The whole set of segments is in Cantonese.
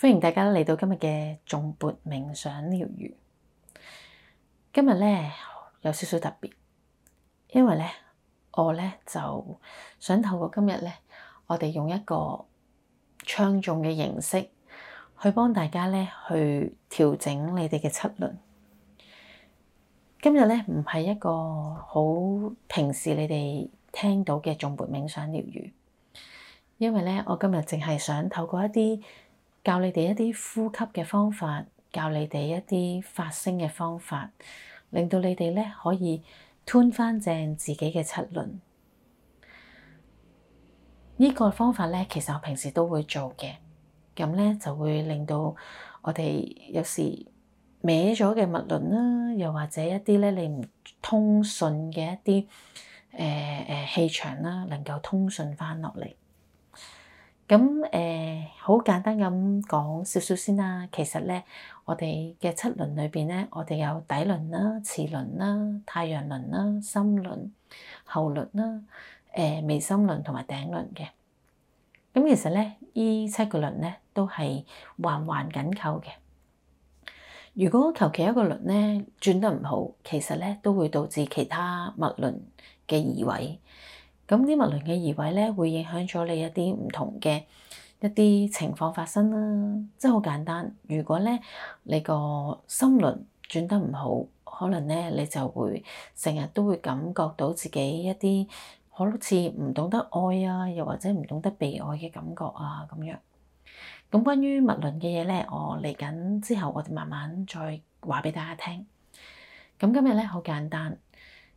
歡迎大家嚟到今日嘅頌缽冥想療癒。今日咧有少少特別，因為咧我咧就想透過今日咧，我哋用一個唱誦嘅形式，去幫大家咧去調整你哋嘅七輪。今日咧唔係一個好平時你哋聽到嘅頌缽冥想療癒，因為咧我今日淨係想透過一啲。教你哋一啲呼吸嘅方法，教你哋一啲發聲嘅方法，令到你哋咧可以吞翻正自己嘅七輪。呢個方法咧，其實我平時都會做嘅，咁咧就會令到我哋有時歪咗嘅物輪啦，又或者一啲咧你唔通順嘅一啲誒誒氣場啦，能夠通順翻落嚟。咁誒，好、呃、簡單咁講少少先啦。其實咧，我哋嘅七輪裏邊咧，我哋有底輪啦、臍輪啦、太陽輪啦、心輪、喉輪啦、誒、呃、眉心輪同埋頂輪嘅。咁其實咧，呢七個輪咧都係環環緊扣嘅。如果求其一個輪咧轉得唔好，其實咧都會導致其他物輪嘅移位。咁啲物輪嘅移位咧，會影響咗你一啲唔同嘅一啲情況發生啦、啊，真係好簡單。如果咧你個心輪轉得唔好，可能咧你就會成日都會感覺到自己一啲好似唔懂得愛啊，又或者唔懂得被愛嘅感覺啊咁樣。咁關於物輪嘅嘢咧，我嚟緊之後我哋慢慢再話俾大家聽。咁今日咧好簡單。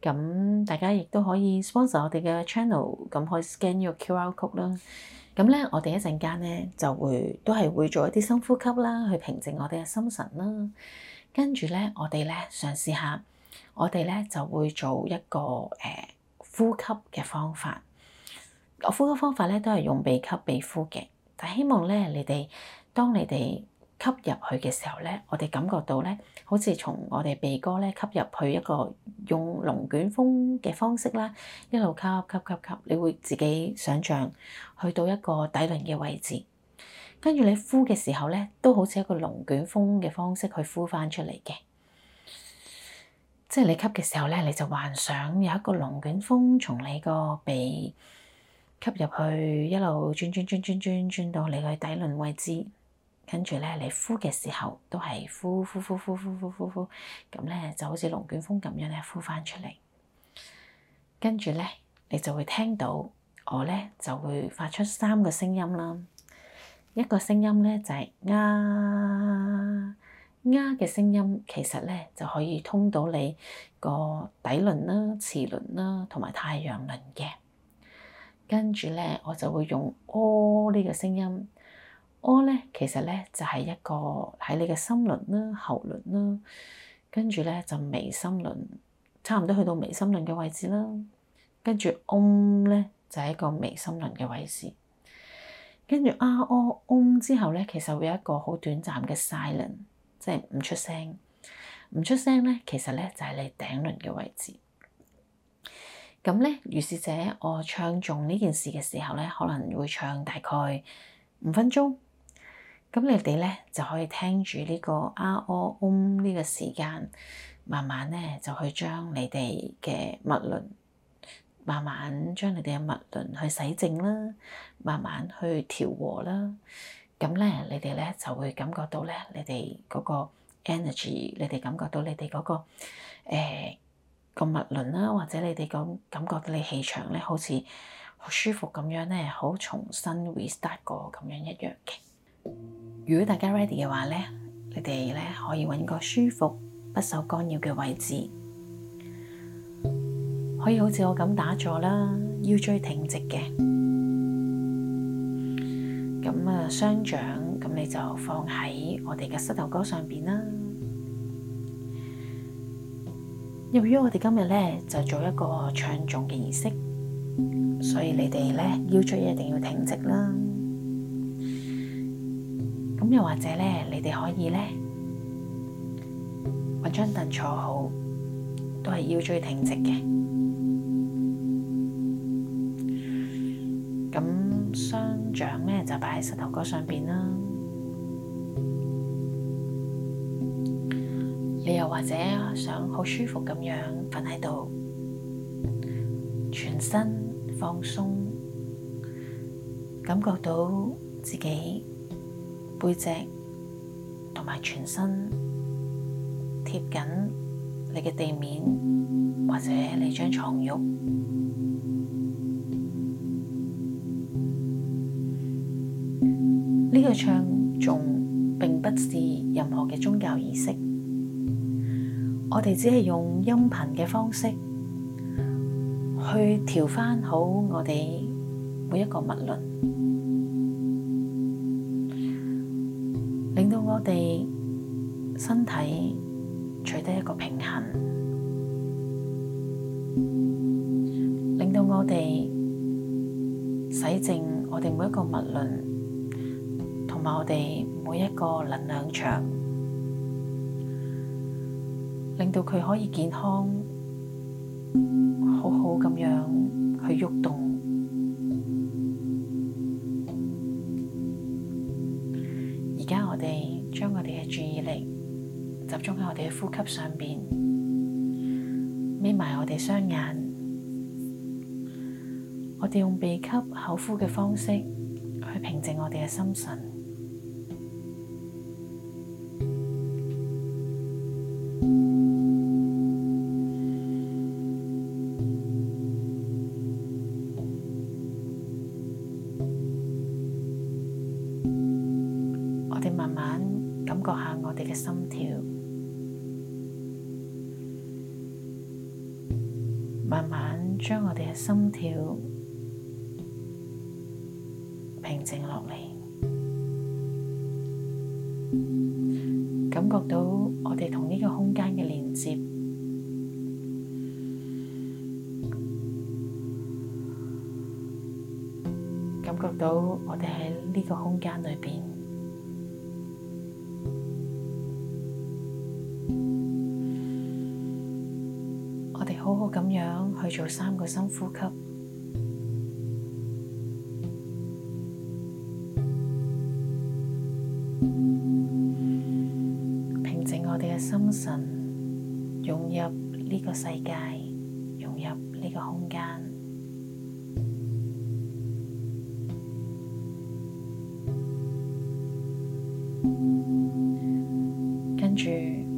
咁大家亦都可以 sponsor 我哋嘅 channel，咁可以 scan 呢個 QR code 啦。咁咧，我哋一陣間咧就會都係會做一啲深呼吸啦，去平靜我哋嘅心神啦。跟住咧，我哋咧嘗試下，我哋咧就會做一個誒、呃、呼吸嘅方法。我呼吸方法咧都係用鼻吸鼻呼嘅，但希望咧你哋當你哋，吸入去嘅時候咧，我哋感覺到咧，好似從我哋鼻哥咧吸入去一個用龍捲風嘅方式啦，一路吸吸吸吸，你會自己想象去到一個底輪嘅位置。跟住你呼嘅時候咧，都好似一個龍捲風嘅方式去呼翻出嚟嘅，即係你吸嘅時候咧，你就幻想有一個龍捲風從你個鼻吸入去，一路轉轉轉轉轉轉，轉到你嘅底輪位置。跟住咧，你呼嘅時候都係呼呼呼呼呼呼呼呼，咁咧就好似龍捲風咁樣咧呼返出嚟。跟住咧，你就會聽到我咧就會發出三個聲音啦。一個聲音咧就係啊啊嘅聲音，其實咧就可以通到你個底輪啦、臍輪啦同埋太陽輪嘅。跟住咧，我就會用哦呢個聲音。安咧，其實咧就係一個喺你嘅心輪啦、喉輪啦，跟住咧就眉心輪，差唔多去到眉心輪嘅位置啦。跟住嗡咧就係一個眉心輪嘅位置，跟住啊，安、喔、嗡之後咧，其實會有一個好短暫嘅 silent，即係唔出聲，唔出聲咧，其實咧就係你頂輪嘅位置。咁咧，如是者，我唱頌呢件事嘅時候咧，可能會唱大概五分鐘。咁你哋咧就可以聽住呢個阿阿嗡呢個時間，慢慢咧就去將你哋嘅脈輪，慢慢將你哋嘅脈輪去洗淨啦，慢慢去調和啦。咁咧，你哋咧就會感覺到咧，你哋嗰個 energy，你哋感覺到你哋嗰、那個誒、呃、個脈輪啦，或者你哋感感覺到你氣場咧，好似好舒服咁樣咧，好重新 restart 過咁樣一樣嘅。如果大家 ready 嘅話呢，你哋呢可以揾個舒服、不受干擾嘅位置，可以好似我咁打坐啦，腰椎挺直嘅。咁啊，雙掌咁你就放喺我哋嘅膝頭哥上面啦。由於我哋今日呢就做一個唱誦嘅儀式，所以你哋呢腰椎一定要挺直啦。咁又或者呢，你哋可以呢，搵張凳坐好，都係腰椎挺直嘅。咁雙掌呢，就擺喺膝頭哥上邊啦。你又或者想好舒服咁樣瞓喺度，全身放鬆，感覺到自己。背脊同埋全身貼緊你嘅地面，或者你張床褥。呢 個唱頌並不是任何嘅宗教儀式，我哋只係用音頻嘅方式去調翻好我哋每一個脈輪。我哋每一個脈輪，同埋我哋每一個能量場，令到佢可以健康、好好咁樣去喐動。而家我哋將我哋嘅注意力集中喺我哋嘅呼吸上面，眯埋我哋雙眼。我哋用鼻吸口呼嘅方式去平靜我哋嘅心神。我哋慢慢感覺下我哋嘅心跳，慢慢將我哋嘅心跳，到我哋同呢個空間嘅連接，感覺到我哋喺呢個空間裏面，我哋好好咁樣去做三個深呼吸。神融入呢個世界，融入呢個空間，跟住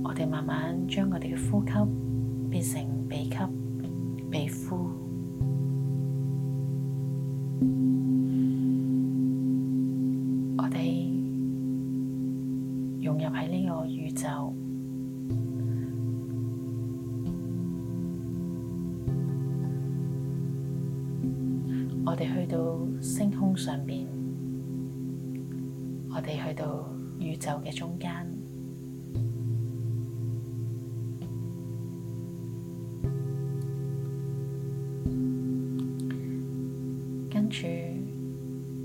我哋慢慢將我哋嘅呼吸變成鼻吸、鼻呼。去到宇宙嘅中間，跟住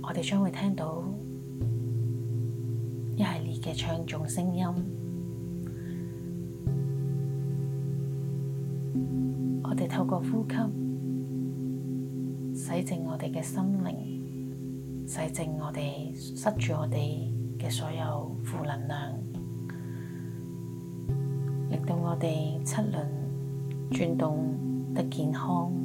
我哋將會聽到一系列嘅唱誦聲音。我哋透過呼吸，洗淨我哋嘅心靈，洗淨我哋，塞住我哋，嘅所有負能量，令到我哋七輪轉動得健康。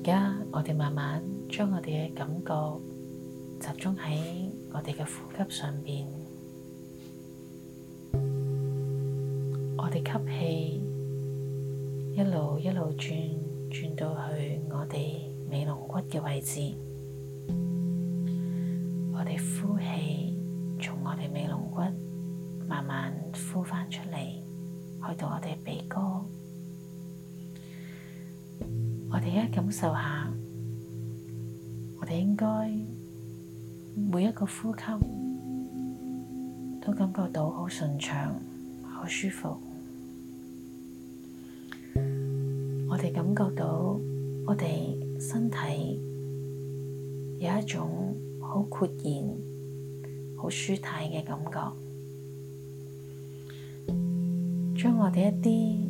而家我哋慢慢將我哋嘅感覺集中喺我哋嘅呼吸上邊，我哋吸氣，一路一路轉轉到去我哋尾龍骨嘅位置，我哋呼氣，從我哋尾龍骨慢慢呼返出嚟，去到我哋鼻哥。我哋而家感受一下，我哋應該每一個呼吸都感覺到好順暢、好舒服。我哋感覺到我哋身體有一種好豁然、好舒坦嘅感覺，將我哋一啲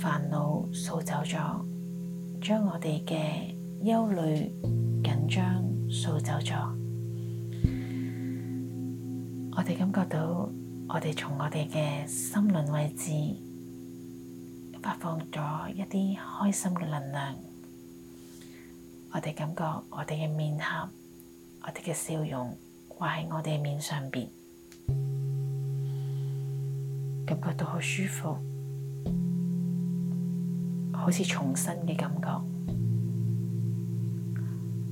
煩惱掃走咗，將我哋嘅憂慮緊張掃走咗。我哋感覺到，我哋從我哋嘅心輪位置發放咗一啲開心嘅能量。我哋感覺我哋嘅面頰，我哋嘅笑容掛喺我哋面上邊，感覺到好舒服。好似重生嘅感覺，呢、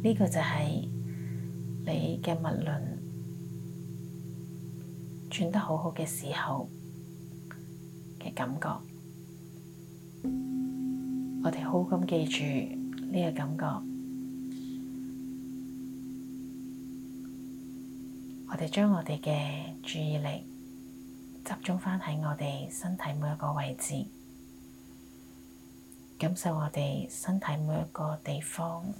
這個就係你嘅脈輪轉得好好嘅時候嘅感覺。我哋好好咁記住呢個感覺，我哋將我哋嘅注意力集中返喺我哋身體每一個位置。感受我哋身體每一個地方，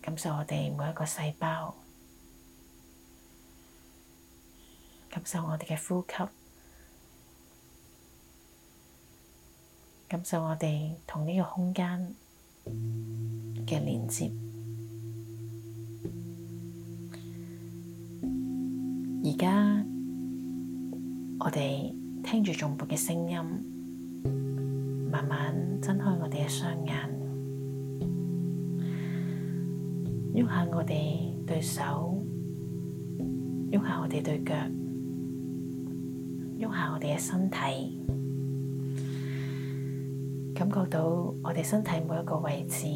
感受我哋每一個細胞，感受我哋嘅呼吸，感受我哋同呢個空間嘅連接。而家我哋聽住頌缽嘅聲音。慢慢睜開我哋嘅雙眼，喐下我哋對手，喐下我哋對腳，喐下我哋嘅身體，感覺到我哋身體每一個位置，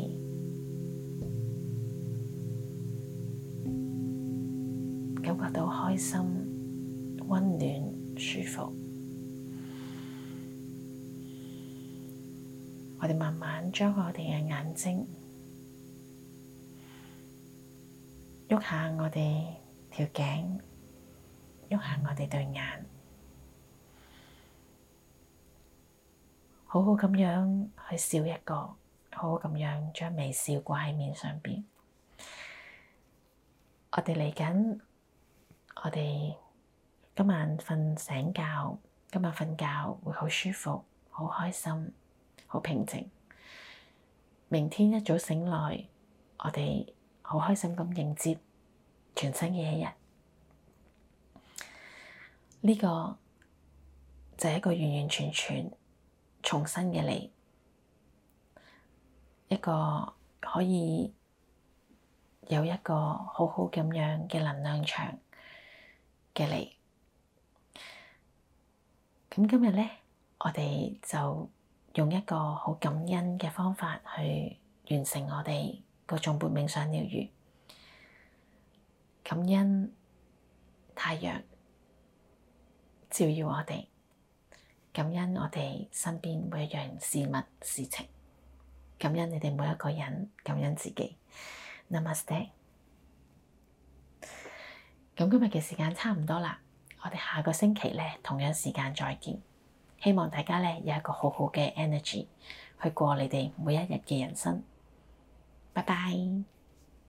感覺到開心、溫暖、舒服。我哋慢慢將我哋嘅眼睛喐下，我哋條頸喐下，我哋對眼，好好咁樣去笑一個，好好咁樣將微笑掛喺面上邊。我哋嚟緊，我哋今晚瞓醒覺，今晚瞓覺會好舒服，好開心。好平靜，明天一早醒來，我哋好開心咁迎接全新嘅一日。呢、呢個就係、是、一個完完全全重新嘅你，一個可以有一個好好咁樣嘅能量場嘅你。咁今日呢，我哋就，用一個好感恩嘅方法去完成我哋個頌缽冥想療愈，感恩太陽照耀我哋，感恩我哋身邊每一樣事物事情，感恩你哋每一個人，感恩自己。Namaste。咁今日嘅時間差唔多啦，我哋下個星期咧同樣時間再見。希望大家呢有一個好好嘅 energy，去過你哋每一日嘅人生。拜拜。